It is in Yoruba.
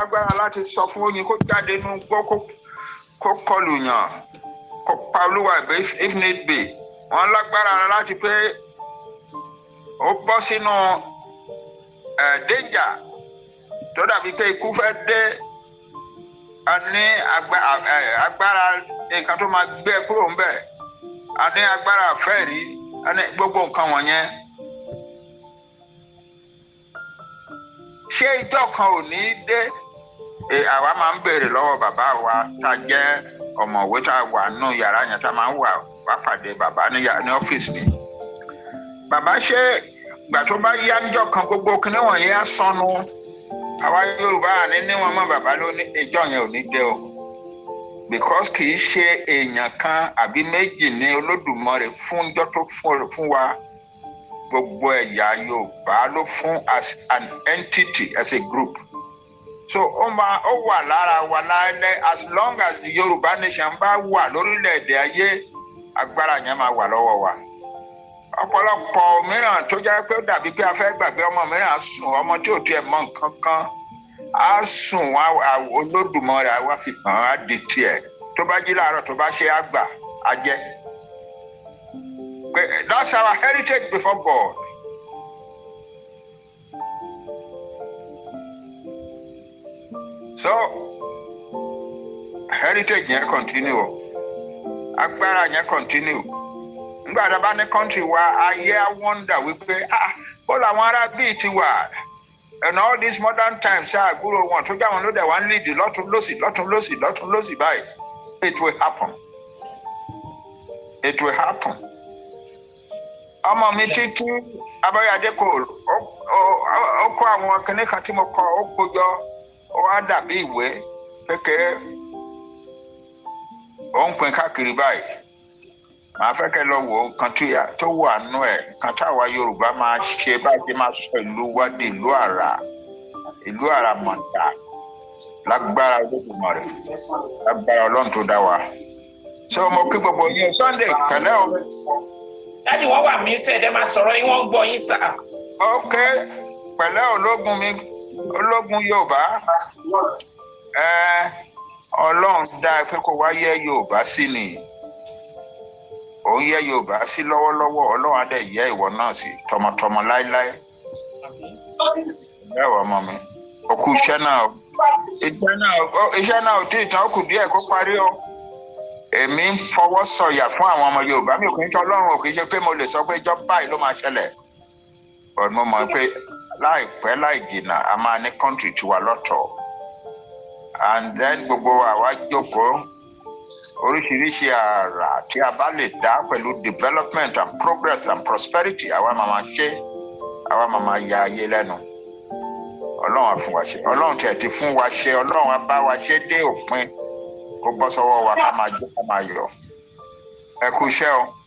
lágbára láti sọ fún oyin kó jáde nínú gbọ́ kó kọlù yàn kó pa olúwa ìbẹ́ if need be wọ́n lágbára láti pé ó bọ́ sínú ẹ̀ dẹ́njà tó dàbí pé ikú fẹ́ dé a ní agbára nǹkan tó máa gbé kúrò ń bẹ̀ a ní agbára fẹ́ ní gbogbo nǹkan wọ̀nyẹn. ṣé ìjọ kan ò ní dé àwa máa ń béèrè lọ́wọ́ bàbá wa tá a jẹ́ ọ̀mọ̀wé tá a wà nù yàrá yẹn tá a máa ń wà wá pàdé bàbá ní ọ́fíìsì mi. bàbá ṣé gbà tó bá yá níjọ́ kan gbogbo kíní wọ̀nyí á sọnù àwa Yorùbá àní níwọ̀n mọ́ bàbá ló ìjọ yẹn ò ní dé o because kì í ṣe èèyàn kan àbí méjì ní Olódùmarè fún jọ́ tó fún wa gbogbo ẹ̀yà Yorùbá ló fún as an entity as a group. so ó máa ó wà lára as long as the Yorùbá nation bá wà lórílẹ̀‐èdè ayé agbára yẹn máa wà lọwọ wa mìíràn tó jẹ́ pé ó dàbí pé afẹ gbàgbé ọmọ mìíràn sùn ọmọ tí ò ẹ mọ nǹkan kan á sùn hàn á di tó bá jí tó so heritage yẹn continue agbára yẹn continue nígbà tá a bá ní country wa ayé á wonder wípé ah bó làwọn ará bíi ti wà and all these modern times ṣáà gbúrò wọn tó jáwọn ló dẹ̀ wá ń lead lọ́tún lọ́sì lọ́tún lọ́sì lọ́tún lọ́sì báyìí it will happen it will happen. ọmọ mi títí abáyọ̀dé kò ó kó àwọn kinní kan tí mo kọ ó kó jọ wá dàbí ìwẹ́ kẹ́kẹ́ ó ń pin káàkiri báyìí màá fẹ́ kẹ́ lọ wò ó kan tó wà nú ẹ̀ kan táwa Yorùbá máa ṣe báyìí máa sọ ìlú wa di ìlú àrà ìlú àrà mọ̀tà lágbára olódùmọ̀ rẹ̀ lágbára ọlọ́run tó dá wa. ṣé ọmọ kí gbogbo yín Sunday pẹ̀lẹ́ o. dájú wọn wà mí tẹ̀ ẹ́ dẹ́ máa sọ̀rọ̀ yín wọ́n ń gbọ́ yín sà. ok pẹ̀lẹ́ ológun mi ológun yorùbá ọlọ́run dá pé kó wá yẹ yorùbá sí ni òun yẹ yorùbá sí lọ́wọ́lọ́wọ́ ọlọ́run adé yẹ ìwọ náà sí tọmọtọmọ láéláé ìyá ọmọ mi òkú iṣẹ́ náà iṣẹ́ náà ò tí ì tán ó kù díẹ̀ kó parí o èmi ń fọwọ́ sọ̀yà fún àwọn ọmọ yorùbá mi ò kì í tọ́ ọlọ́run ò kì í ṣe pé mo lè sọ pé ìjọba báyìí ló máa ṣẹlẹ̀ mo mọ̀ pé láìpẹ́ láì jìnnà a máa ní kọ́ńtì tiwa lọ́tọ̀ and then gbogbo àwa jókòó oríṣiríṣi àrà tí a bá lè dá pẹ̀lú development and progress and prosperity àwa máa máa ṣe àwa máa máa ya ayé lẹ́nu ọlọ́run á fún wa ṣe ọlọ́run tiẹ̀ ti fún wa ṣe ọlọ́run á wa ṣe dé òpin kó bọ́ sọ́wọ́ wa ká máa jó ká máa yọ̀ ẹ kú iṣẹ́ o.